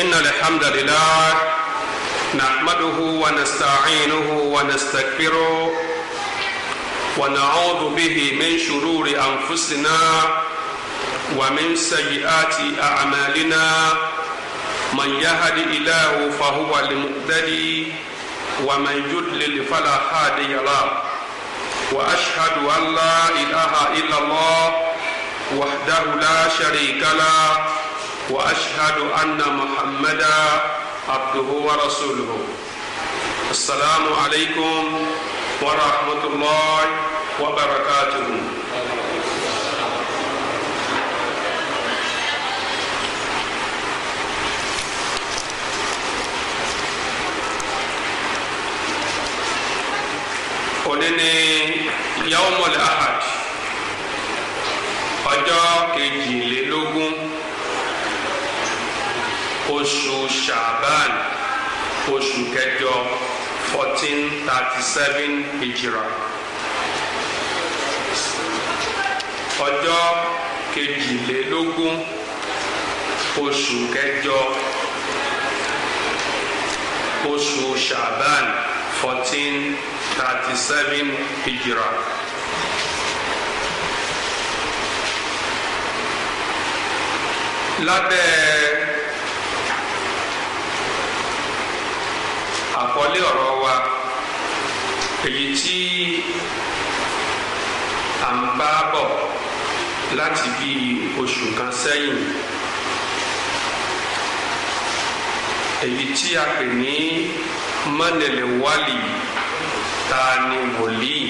إن الحمد لله نحمده ونستعينه ونستكبره ونعوذ به من شرور أنفسنا ومن سيئات أعمالنا من يهد إله فهو المهتدي ومن يضلل فلا هادي له وأشهد أن لا إله إلا الله وحده لا شريك له واشهد ان محمدا عبده ورسوله السلام عليكم ورحمه الله وبركاته onini yawmul ahad ọjọ́ kejìlélógún oṣù Shaban, oṣù kẹjọ fourteen thirty seven hijira ọjọ́ kejìlélógún oṣù kẹjọ oṣù ṣàbán fourteen thirty seven hijira. lábẹ́ àkọlé ọ̀rọ̀ wa èyí tí à ń bá bọ̀ láti bí oṣù kan sẹ́yìn èyí tí a pè ní mọ́nẹ̀lẹ̀ wálì ta ni wòlíì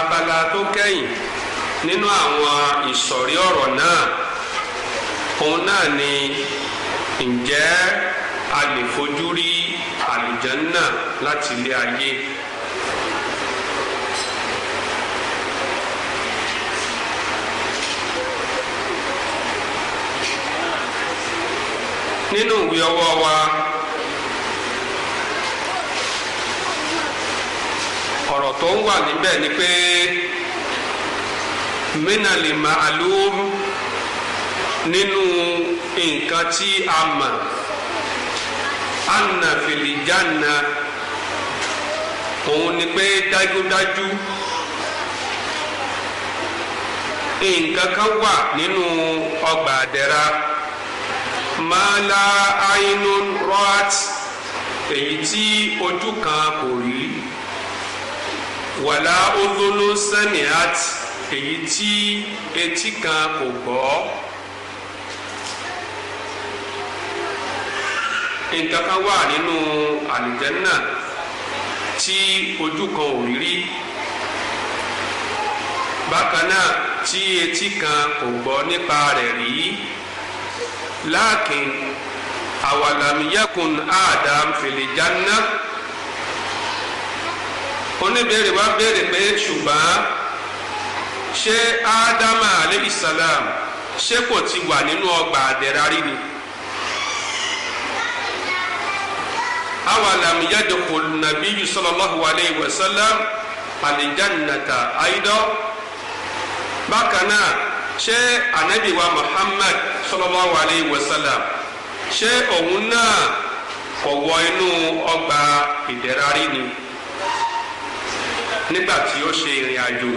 abala tó kẹ́yìn nínú àwọn ìsọ̀rí ọ̀rọ̀ náà òun náà ni. ǹjẹ́ a lè fojú rí àlùjànnà láti ilé ayé. nínú ìwé ọwọ́ wa ọ̀rọ̀ tó ń wà níbẹ̀ ni pé nínú nǹkan tí a mọ̀ anna filijanna òun ni pé dájúdájú nǹkan kan wà nínú ọgbà àdẹ́ra mala ainun rat èyí tí ojú kan kò rí wàlá ozolo samiat èyí tí etí kan kò gbọ́. nǹkan kan wà nínú àlùjànnà tí ojú kan ò rí rí bákan náà tí etí kan kò gbọ́ nípa rẹ̀ rí láàkín àwàlàmíyẹ́kùn Adam fìlìjánná oníbèrè wa béèrè pé ṣùgbọ́n ṣé ádámà aleyhisalaam ṣé kò ti wà nínú ọgbà àdẹ̀rárí ni. awalam yadukul nabiyyu sallallahu alayhi wa sallam alijannata aidan bákan náà ṣé anabi wa muhammad sallallahu alayhi wa sallam ṣé òun náà kò wọ inú ọgbà ìdẹ̀ra rí ni nígbà tí ó ṣe ìrìn àjò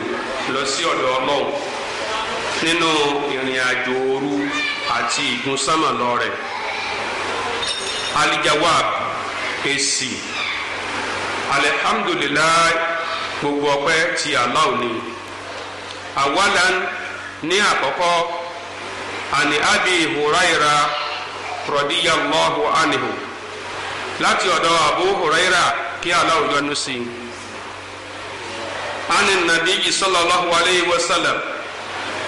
lọ sí ọ̀dọ̀ ọlọ́run nínú ìrìn àjò òru àti ìgúnsánmọ̀ lọ rẹ̀ alijawab èsì alihamdulilayi gbogbo ọpẹ́ ti Allah ni awalan ní àkọ́kọ́ ani abi huraira radiyallahu anhu láti ọ̀dọ̀ abu huraira kí Allah yọ́nú sí i ani nabiyyi sallallahu alayhi wa sallam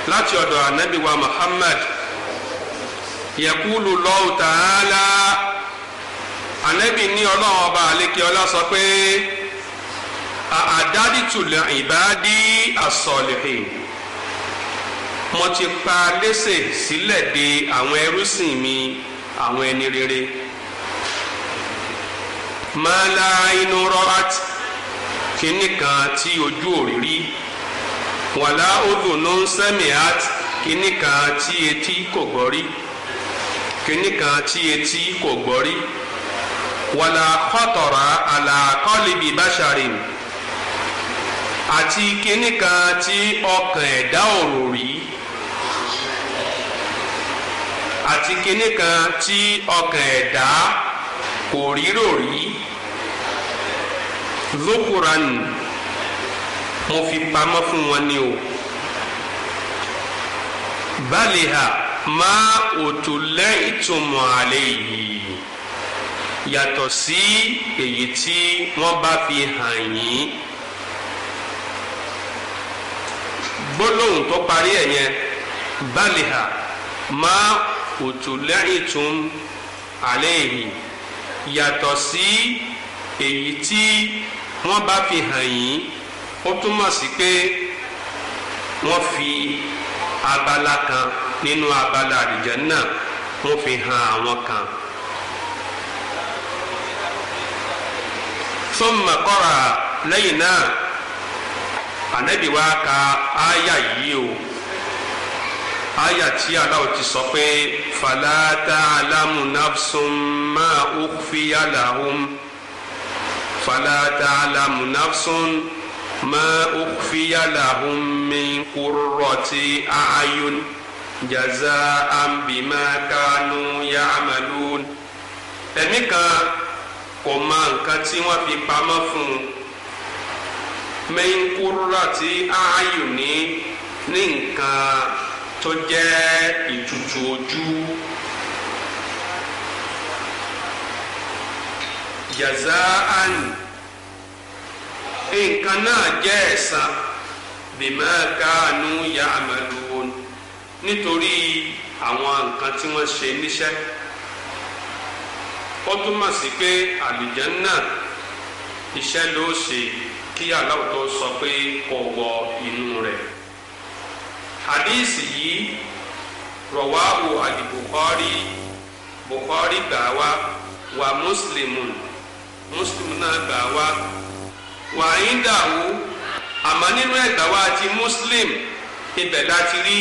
láti ọ̀dọ̀ anabi muhammad yakulu Allahu ta'ala ànábì ní ọlọ́run ọba àlékè ọlá sọ pé àdádìtùlẹ̀ ìbáàdí àsọ̀lẹ̀hì mo ti pa lẹ́sẹ̀ sílẹ̀ de àwọn ẹrúsìn mi àwọn ẹni rere máa la inú rọ́rát kínní kan tí ojú òrírí wàlá odò ló ń sẹ́mi àt kínní kan tí etí kò gbọ́ rí kínní kan tí etí kò gbọ́ rí wàlà kọ́tọ̀rà àlà kọ́lìbì báṣàrin àti kinní kan tí ọkàn ẹ̀dá òrò rí àti kinní kan tí ọkàn ẹ̀dá kò rírò rí zokuran mo fi pamọ́ fún wọn ni o baliha ma òtún lẹ́yìn tó mọ̀ àlẹ́ yìí yàtọ̀ sí èyí tí wọ́n bá fi hàn yín gbólóhùn tó parí ẹ̀ yẹn baliha ma òtúlẹ́yìn tún alẹ́ yìí yàtọ̀ sí èyí tí wọ́n bá fi hàn yín ó túmọ̀ sí pé wọ́n fi abala kan nínú abala àdìjẹ́ náà wọ́n fi hàn àwọn kan. summa qara lẹ́yìn náà ànábì wa ka aya yìí o aya tí aláwo ti sọ pé fala ta'lamu nafsun ma ukhfiya lahum fala ta'lamu nafsun ma ukhfiya lahum min qurrati a'yun jaza'an bima kanu ya'malun ẹnìkan kò mọ nǹkan tí wọ́n fi pamọ́ fún un mẹ́ńkúrúrà tí ááyù ní ní nǹkan tó jẹ́ ìtutù ojú. jazaan nǹkan náà jẹ́ ẹ̀san bima kanu ya'malun nítorí àwọn nǹkan tí wọ́n ṣe níṣẹ́ ó túmọ̀ sí pé àlùjànnà iṣẹ́ ló ṣe kí aláwọ̀ tó sọ pé kò wọ inú rẹ̀ hadisi yìí rọ̀wáhù àdìbòkọ́rí bòkọ́rí gbà wá wà mùsùlùmù mùsùlùmù náà gbà wá wà ń àmọ́ nínú ẹ̀gbà wá ti muslim ibẹ̀ láti rí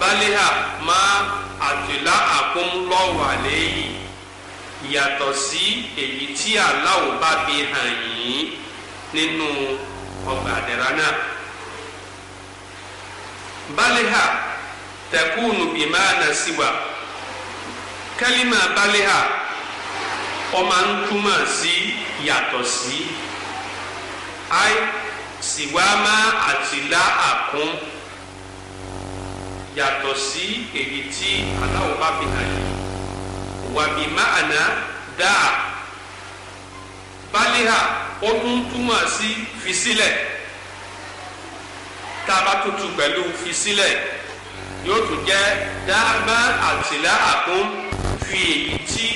baliha má àtìlá àkóńlọ́wà lẹ́yìn yàtọ̀ sí èyí tí aláwo bá fi hàn yín nínú ọgbà àdẹ̀rà náà. baliha takunu bima nasiwa kálímà baliha ó máa ń túmọ̀ sí yàtọ̀ sí ai siwama àti la àkún yàtọ̀ sí èyí tí aláwo bá fi hàn yín wàbí máàná dáa bálíhà ó tún túmọ̀ sí fi sílẹ̀ tá a bá tutù pẹ̀lú fi sílẹ̀ yóò tún jẹ́ dáàbá àtìlá àkún fi èyí tí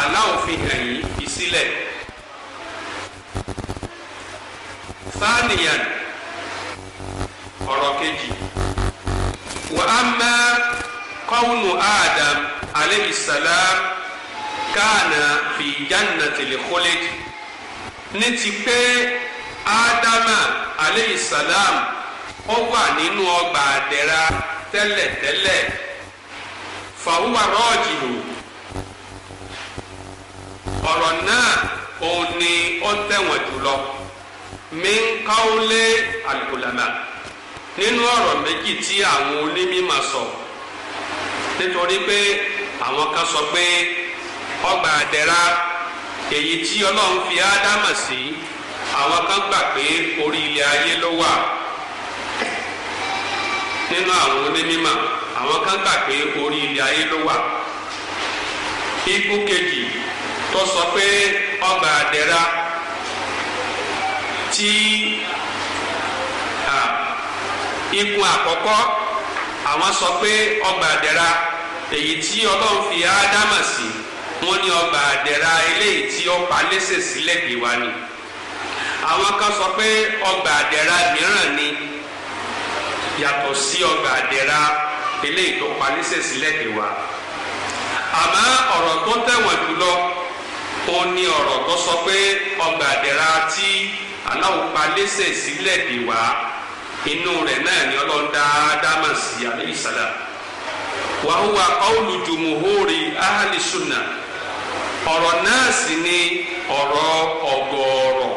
aláwọ̀ fi hàn yín fi sílẹ̀. ọ̀rọ̀ kejì wàá kọ́wùnù áàdàm aleyhi salam káànà fi jannatil khuld ní ti pé ádámà aleyhi salam ó wà nínú ọgbà àdẹ́ra tẹ́lẹ̀tẹ́lẹ̀ fàwùwà rọ́ọ̀jì hù ọ̀rọ̀ náà ó ní ó tẹ̀wọ̀n jùlọ min qawli al-ulama nínú ọ̀rọ̀ méjì tí àwọn onímọ̀ sọ nítorí pé àwọn kan sọ pé ọgbà àdẹ́ra èyí tí ọlọ́run fi ádámà sí àwọn kan gbà pé orí ilé ayé ló wà nínú àwọn onímọ̀ àwọn kan gbà pé orí ilé ayé ló wà ikú kejì tó sọ pé ọgbà àdẹ́ra tí ikú àkọ́kọ́ àwọn sọ pé ọgbà àdẹ́ra. èyí tí ọlọ́run fi ádámà sí wọ́n ní ọgbà àdẹ̀ra eléyìí tí ọ̀pá lẹ́sẹ̀ sílẹ̀ gbé wa ni àwọn kan sọ pé ọgbà àdẹ̀ra mìíràn ni yàtọ̀ sí ọgbà àdẹ̀ra eléyìí tó pa lẹ́sẹ̀ sílẹ̀ gbé wa àmọ́ ọ̀rọ̀ tó tẹ̀wọ̀n jùlọ ó ní ọ̀rọ̀ tó sọ pé ọgbà àdẹ̀ra tí aláwo pa lẹ́sẹ̀ sílẹ̀ gbé wa inú rẹ̀ náà ni ọlọ́run dá ádámà sí alayhi salam. wa huwa jumuhuri ahli sunna ọ̀rọ̀ náà sì ni ọ̀rọ̀ ọ̀gọ̀ọ̀rọ̀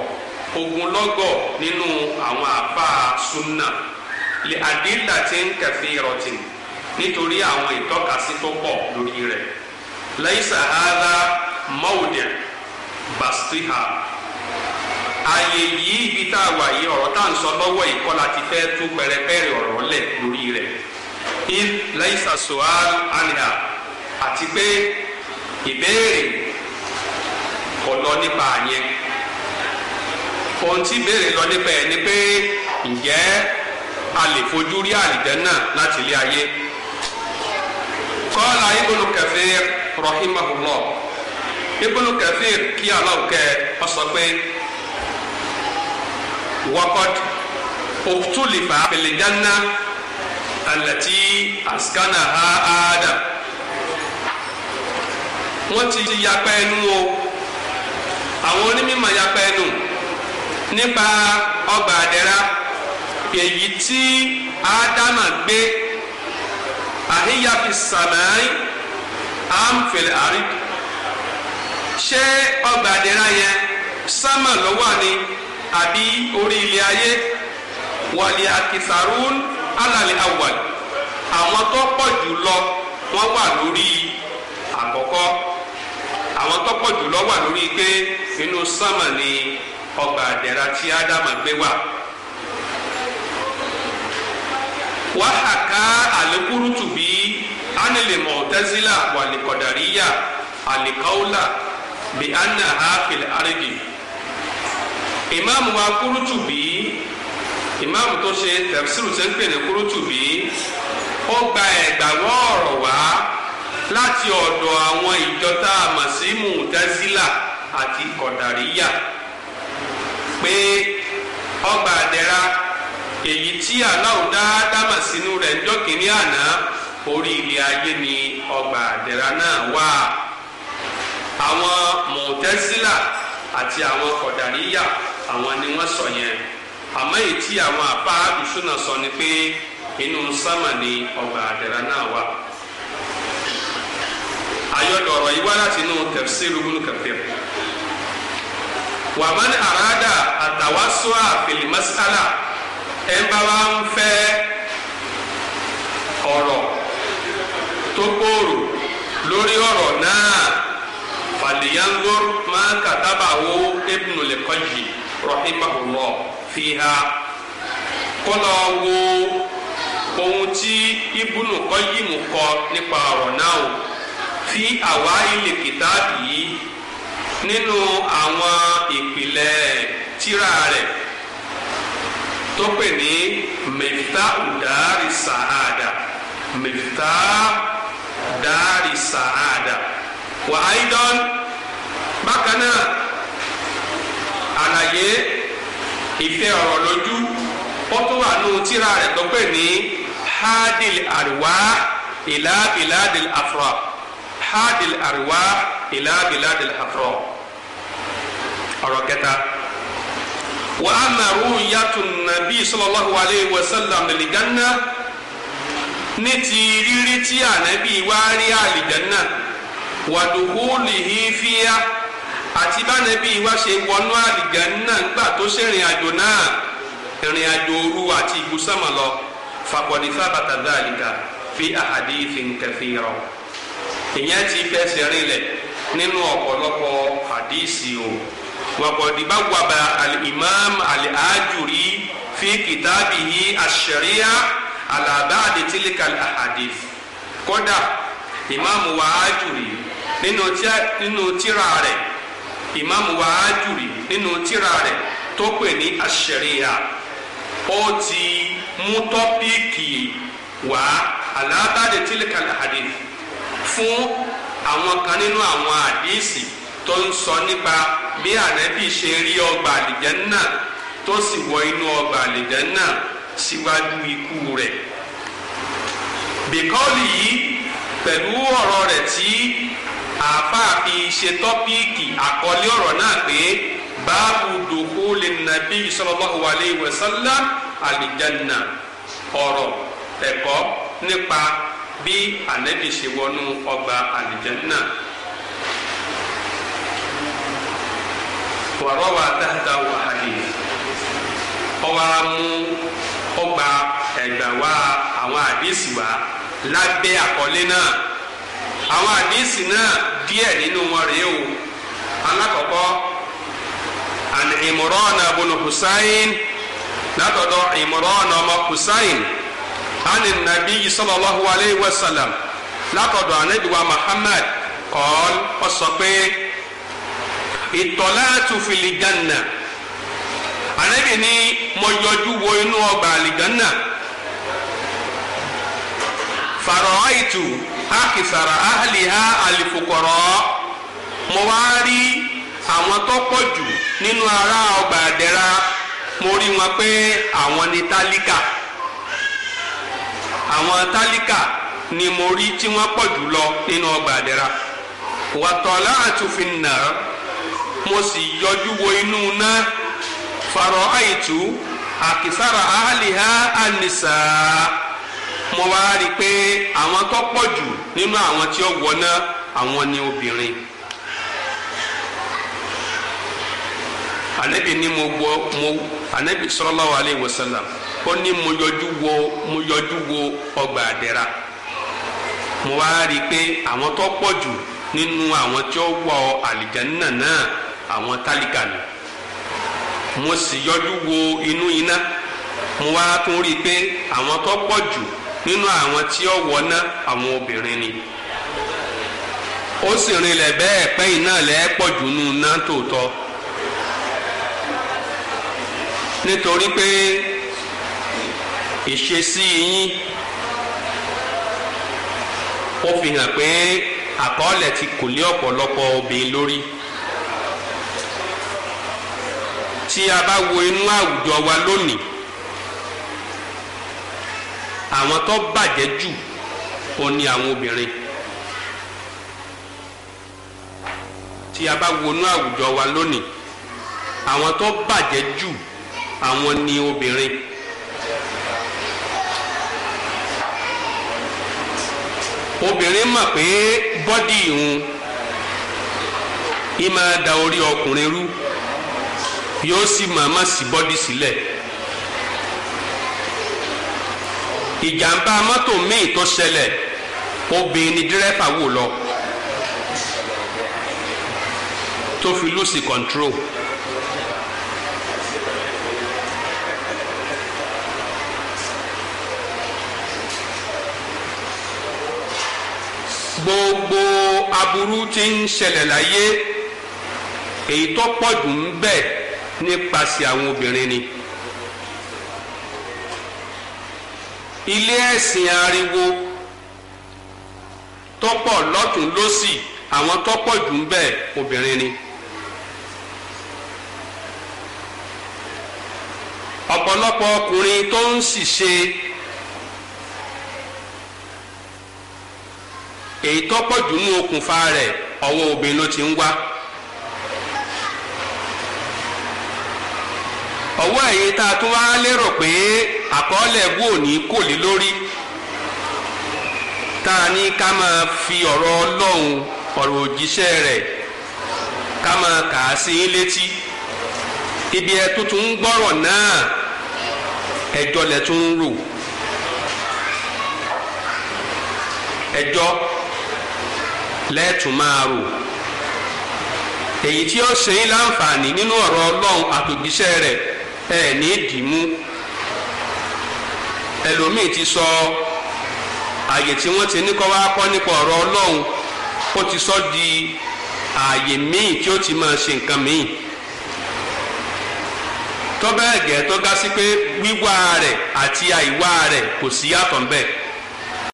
ogunlọ́gọ̀ nínú àwọn àbá sunna lè àdìlà tí ń kẹfì rọtì nítorí àwọn ìtọ́kasí tó pọ̀ lórí rẹ̀ laisa bastiha ààyè yìí ibi tá a wà yìí ọ̀rọ̀ tá à ń sọ lọ́wọ́ ìkọlà ti fẹ́ id laisa sual anha àti pé ìbéèrè kò lọ nípa yẹn ohun tí ìbéèrè lọ nípa ẹ̀ ni pé ǹjẹ́ a lè fojú rí àlìjánnà láti ilé ayé qala ibnu kathir rahimahullah ibnu kathir kí aláwùkẹ́ ọ sọ pé waqad uktulifa fil janna alati askana ha adam wọ́n ti yapa ẹnu o àwọn onímọ̀ yapa ẹnu nípa ọgbà àdẹ́ra èyí tí ádámà gbé àhíyàfi sàmáì àmfẹ̀lẹ̀ àrí ṣé ọgbà àdẹ́ra yẹn sámà ló wà ní àbí orí ilé ayé wàlẹ̀ àkìsàrún alali awal àwọn tó pọ̀ jù lọ wọ́n wà lórí àkọ́kọ́ àwọn tó pọ̀ jù lọ wà lórí pé inú sámà ni ọgbà àdẹ̀ra tí ádámà gbé wà. wàhàká àlékúrútùbí ánilèmọ̀ tẹ́sílà wà lè kọ̀dàríyà àlìkáwùlà anna ha fìlà ìmáàmù wa kúrútùbí ìmáàmù tó ṣe tẹ̀sílù tẹ́ ń pè ní kúrútùbí ó gba ẹ̀gbàwọ́ ọ̀rọ̀ wá láti ọ̀dọ̀ àwọn ìjọta àmọ̀símù tẹ́sílà àti kọ̀dàríyà pé ọgbà àdẹ́ra èyí tí aláwọ̀ dáadáma sínú rẹ̀ ń jọ́kìnní àná orí ilé ayé ni ọgbà àdẹ́ra náà wà àwọn mọ̀tẹ́sílà àti àwọn kọ̀dàríyà àwọn ni wọ́n sọ yẹn. àmọ́ ètí àwọn a àdùsúnà sọ ni pé inú sámà ni ọgbà àdẹ̀rà náà wà. àyọ̀dọ̀ ọ̀rọ̀ yìí wá láti inú tafsir Ibn Kathir. wa man arada àtàwásùà fil mas'ala ẹ̀ ń bá wa ń fẹ́ ọ̀rọ̀ tó gbòòrò lórí ọ̀rọ̀ náà fàlìyàngó máa kàtàbà wo Fiha kó lọ wo ohun tí ibùnú kọ́yìmù kọ nípa ọ̀rọ̀ náà o fi àwa ilé kìtàbì yìí nínú àwọn ìpìlẹ̀ tírà rẹ̀ tó pè ní mẹ́fìtà udari sàádà mẹ́fìtà dari sàádà wà áyidọ́n bákan náà àlàyé ìfẹ́ ọ̀rọ̀ lójú ó tún wà nù tíra rẹ̀ tó pè ní hadil àríwá ìlà biladil afra hadil àríwá ìlà biladil afra ọ̀rọ̀ kẹta wa ama ru'yatu nabi sallallahu alayhi wa sallam lil janna ní ti rírí tí ànábì wá rí àlìjánná wàdùkú lìhí fíyà àti bánẹbí wa ṣe wọnú àlìjánnà nígbà tó ṣèrìn àjò náà ìrìn àjò òru àti ìbùsọ̀mọ̀ lọ fàkọ̀dí sábàtà dáàlìkà fi ahadithin kathira ìyẹn ti fẹsẹ̀ rinlẹ̀ nínú ọ̀pọ̀lọpọ̀ àdìsí o wàkọ̀dìbá wàbà al-imam al-ajuri fi kìtàbìyí ash-sharia ala ba'di tilka al-ahadith kódà ìmáàmù wa ajuri nínú tírà rẹ̀ imam wahajuri nínú tírà rẹ̀ tó pè ní àṣẹríà ó ti mú tọ́píìkì wá alábàdé tílẹ̀kàlà hadith fún àwọn kan nínú àwọn àdíìsì tó ń sọ nípa bí ànábì ṣe rí ọgbà àlìjẹ́nnà tó sì wọ inú ọgbà àlìjẹ́nnà síwájú ikú rẹ̀ bìkọ́lì yìí pẹ̀lú ọ̀rọ̀ rẹ̀ tí àáfàá fi ṣe tọ́píìkì àkọlé ọ̀rọ̀ náà pé báàbù dòkú lè nàbí sallallahu alaihi wa sallam àlìjánà ọ̀rọ̀ ẹ̀kọ́ nípa bí ànábì ṣe wọnú ọgbà àlìjánà. wàrọ̀wà dáadáa wà ọwọ́ amú ọgbà ẹ̀gbà wá àwọn àdìsí wa lábẹ́ àkọlé náà àwọn àdìsí náà díẹ̀ nínú wọn rèé o alákọ̀ọ́kọ́ àni Imran ibn Husayn látọ̀dọ̀ Imran ọmọ Husayn àni nàbí sallallahu alayhi wa sallam látọ̀dọ̀ anabiwa Muhammad kọ́ọ́l ó sọ pé ìtọ́láàtú fìlìjánà anabi ni mo yọjú wo inú ọgbà àlìjánà fàrọ̀ àìtù. akisara ahliha ha mo wá rí àwọn tó pọ̀ jù nínú ará ọgbà àdẹ́ra mo rí wọn pé àwọn ni tálíkà àwọn tálíkà ni mo rí tí wọ́n pọ̀ jù lọ nínú ọgbà àdẹ́ra wàtọ́lá àtúfin náà mo sì yọjú wo inú náà farọ àìtú àkìsára ahliha anisa. mo wá rí i pé àwọn tó pọ̀ jù nínú àwọn tí ó wọná àwọn ni obìnrin. anabi ni mo wọ mo anabi sallallahu alaihi wasallam ó ní mo yọjú wo mo yọjú wo ọgbà àdẹ́ra mo wá rí i pé àwọn tó pọ̀ jù nínú àwọn tí ó wọ àlìjánná náà àwọn tálíkà ni mo sì yọjú wo inú iná mo wá tún rí i pé àwọn tó pọ̀ jù nínú àwọn tí ó wọná àwọn obìnrin ni ó sì rinlẹ̀ bẹ́ẹ̀ pẹ́yìn náà lẹ́ẹ̀ pọ̀ jù nù náà tòótọ́ nítorí pé ìṣesí yín ó fi hàn pé àkọọ́lẹ̀ ti kò lé ọ̀pọ̀lọpọ̀ obìnrin lórí tí a bá wo inú àwùjọ wa lónìí àwọn tó bàjẹ́ jù ó ní àwọn obìnrin tí a bá wọnú àwùjọ wa lónìí àwọn tó bàjẹ́ jù àwọn ni obìnrin. obìnrin mọ̀ pé bọ́dì ìhun ìmọ̀ da orí ọkùnrin rú yóò sì mọ̀ ọ́ má sí bọ́dì sílẹ̀. Si ìjàmbá mọ́tò míì tó ṣẹlẹ̀ obìnrin ni dírẹ́fà wò lọ tó fi lùsì control. gbogbo aburú tí ń ṣẹlẹ̀ láyé èyí tó pọ̀jù ń bẹ nípasẹ̀ àwọn obìnrin ni. Passi, ilé ẹ̀sìn ariwo tọ́pọ̀ lọ́tún lọ́sì àwọn tọ́pọ̀ jù ń bẹ obìnrin ni. ọ̀pọ̀lọpọ̀ ọkùnrin tó ń ṣìṣe èyí tọ́pọ̀ jù ní okùnfà rẹ̀ ọwọ́ obìnrin ló ti ń wá. ọwọ́ ẹ̀yin tá a tún wá lérò pé àkọọ́lẹ̀ ẹ̀bú òní kò lé lórí tá a ní ká máa fi ọ̀rọ̀ ọlọ́run ọ̀rọ̀ òjíṣẹ́ rẹ̀ ká máa kà á sí yín létí ibi ẹ tuntun ń gbọ́rọ̀ náà ẹjọ́ lẹ tún ń rò ẹjọ́ lẹ́ẹ̀tún máa rò èyí tí ó ṣe yín láǹfààní nínú ọ̀rọ̀ ọlọ́run àtòjíṣẹ́ rẹ̀ ẹ̀ ní ìdìmú ẹlòmíì ti sọ àyè tí wọ́n ti ní kọ́ wá kọ́ nípa ọ̀rọ̀ ọlọ́run ó ti sọ di àyè míì tí ó ti máa ṣe nǹkan míì tọ́bẹ̀ẹ́gẹ́ tó ga sí pé wíwá rẹ̀ àti àìwá rẹ̀ kò sí yàtọ̀ ń bẹ́ẹ̀.